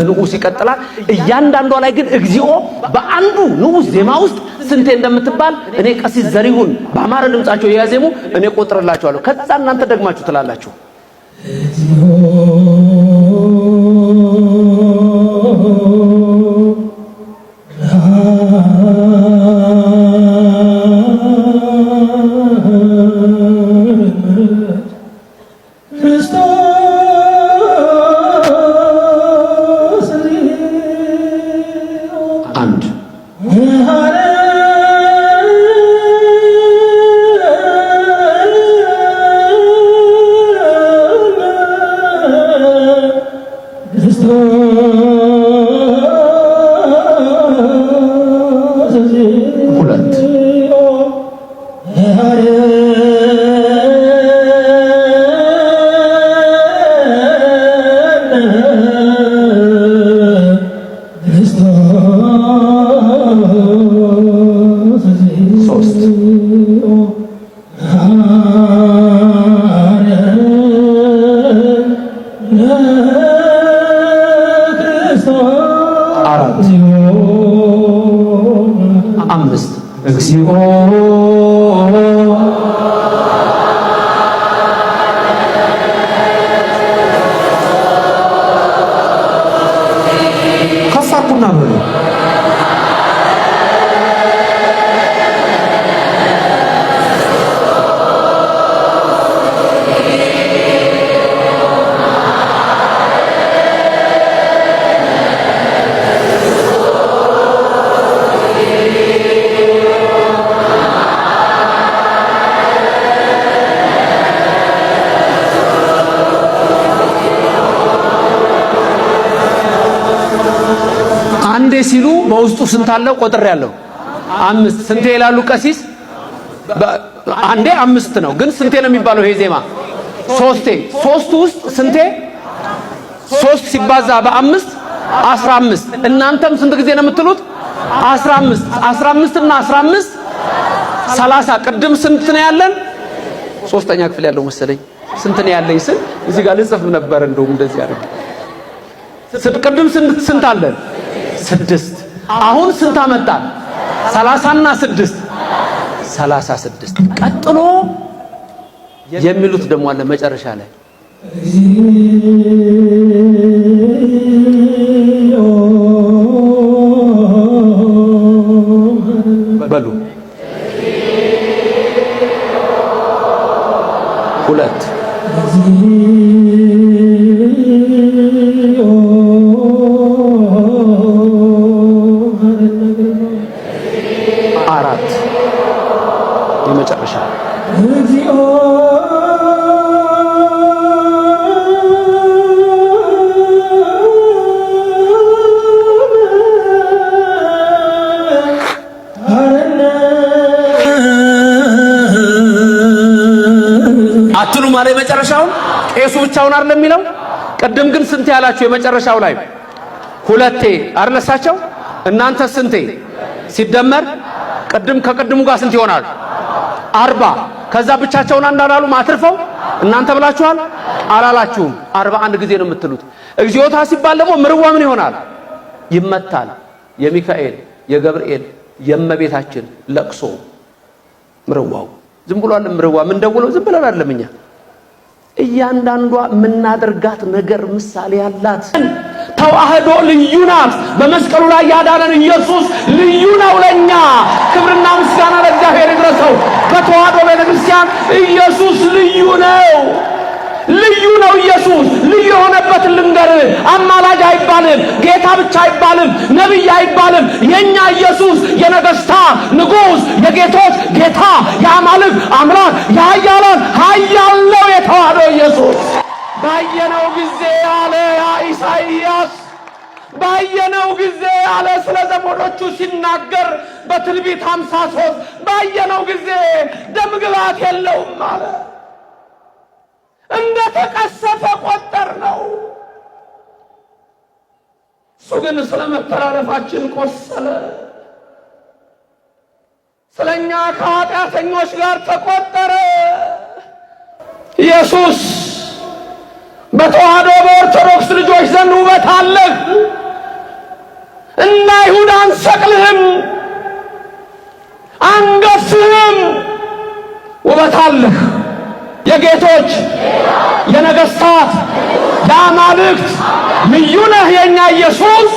በንዑስ ይቀጥላል። እያንዳንዷ ላይ ግን እግዚኦ በአንዱ ንዑስ ዜማ ውስጥ ስንቴ እንደምትባል እኔ ቀሲስ ዘሪሁን በአማረ ድምጻቸው እያዜሙ እኔ ቆጥርላችኋለሁ። ከዛ እናንተ ደግማችሁ ትላላችሁ። 私を አንዴ ሲሉ በውስጡ ስንት አለው? ቆጥር ያለው አምስት። ስንቴ ይላሉ ቀሲስ? አንዴ አምስት ነው፣ ግን ስንቴ ነው የሚባለው? ይሄ ዜማ ሶስቴ። ሶስቱ ውስጥ ስንቴ? ሶስት ሲባዛ በአምስት አስራ አምስት እናንተም ስንት ጊዜ ነው የምትሉት? አስራ አምስት አስራ አምስት እና አስራ አምስት ሰላሳ ቅድም ስንት ነው ያለን? ሶስተኛ ክፍል ያለው መሰለኝ ስንት ነው ያለኝ ስል እዚህ ጋር ልጽፍ ነበር እንደውም እንደዚህ አድርግ ቅድም ስንት ስንት አለን? ስድስት አሁን ስንት አመጣን? ሰላሳና ስድስት ሰላሳ ስድስት ቀጥሎ የሚሉት ደግሞ አለ መጨረሻ ላይ እግዚኦ እግዚኦ አትሉም አለ። የመጨረሻውን ቄሱ ብቻውን አይደለም የሚለው። ቅድም ግን ስንቴ ያላችሁ የመጨረሻው ላይ ሁለቴ አርነሳቸው እናንተ ስንቴ ሲደመር ቅድም ከቅድሙ ጋር ስንት ይሆናል? አርባ ከዛ ብቻቸውን አንዳላሉ ማትርፈው አትርፈው እናንተ ብላችኋል አላላችሁም። አርባ አንድ ጊዜ ነው የምትሉት። እግዚኦታ ሲባል ደግሞ ምርዋ ምን ይሆናል? ይመታል። የሚካኤል የገብርኤል የእመቤታችን ለቅሶ ምርዋው ዝም ብሎ አለ። ምርዋ ምን ደውለው ዝም ብለን አይደለም እኛ እያንዳንዷ የምናደርጋት ነገር ምሳሌ ያላት ተዋህዶ ልዩ ናት። በመስቀሉ ላይ ያዳነን ኢየሱስ ልዩ ነው ለኛ። ክብርና ምስጋና ለእግዚአብሔር ይድረሰው። በተዋህዶ ክርስቲያን ኢየሱስ ልዩ ነው። ልዩ ነው። ኢየሱስ ልዩ የሆነበትን ልንገርህ። አማላጅ አይባልም፣ ጌታ ብቻ አይባልም፣ ነቢይ አይባልም። የኛ ኢየሱስ የነገስታ ንጉሥ፣ የጌቶች ጌታ፣ የአማልክ አምላክ፣ የኃያላን ኃያል ነው የተዋህደው ኢየሱስ ባየነው ጊዜ ያለ ያ ኢሳይያስ ባየነው ጊዜ አለ ስለ ዘመዶቹ ሲናገር በትንቢት ሃምሳ ሶስት ባየነው ጊዜ ደምግባት የለውም አለ። እንደ ተቀሰፈ ቆጠር ነው። እሱ ግን ስለ መተላለፋችን ቆሰለ፣ ስለ እኛ ከኃጢአተኞች ጋር ተቆጠረ። ኢየሱስ በተዋህዶ በኦርቶዶክስ ልጆች ዘንድ ውበት አለህ። እና ይሁዳ አንሰቅልህም፣ አንገስህም፣ ውበታለህ የጌቶች የነገሥታት የአማልክት ልዩ ነህ የእኛ ኢየሱስ።